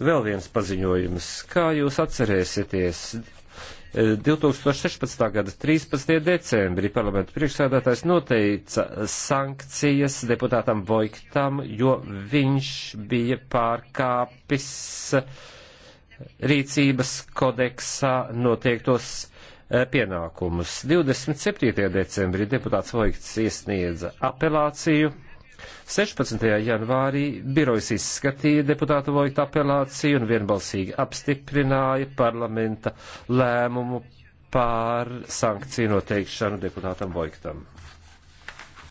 Vēl viens paziņojums. Kā jūs atcerēsieties? 2016. Eh, gada 13. decembrī parlamentu priekšsēdētājs noteica sankcijas deputātam Boiktam, jo viņš bija pārkāpis rīcības kodeksā noteiktos eh, pienākumus. 27. decembrī deputāts Voikts iesniedza apelāciju 16. janvārī birojas izskatīja deputātu Vojta apelāciju un vienbalsīgi apstiprināja parlamenta lēmumu pār sankciju noteikšanu deputātam Vojtam.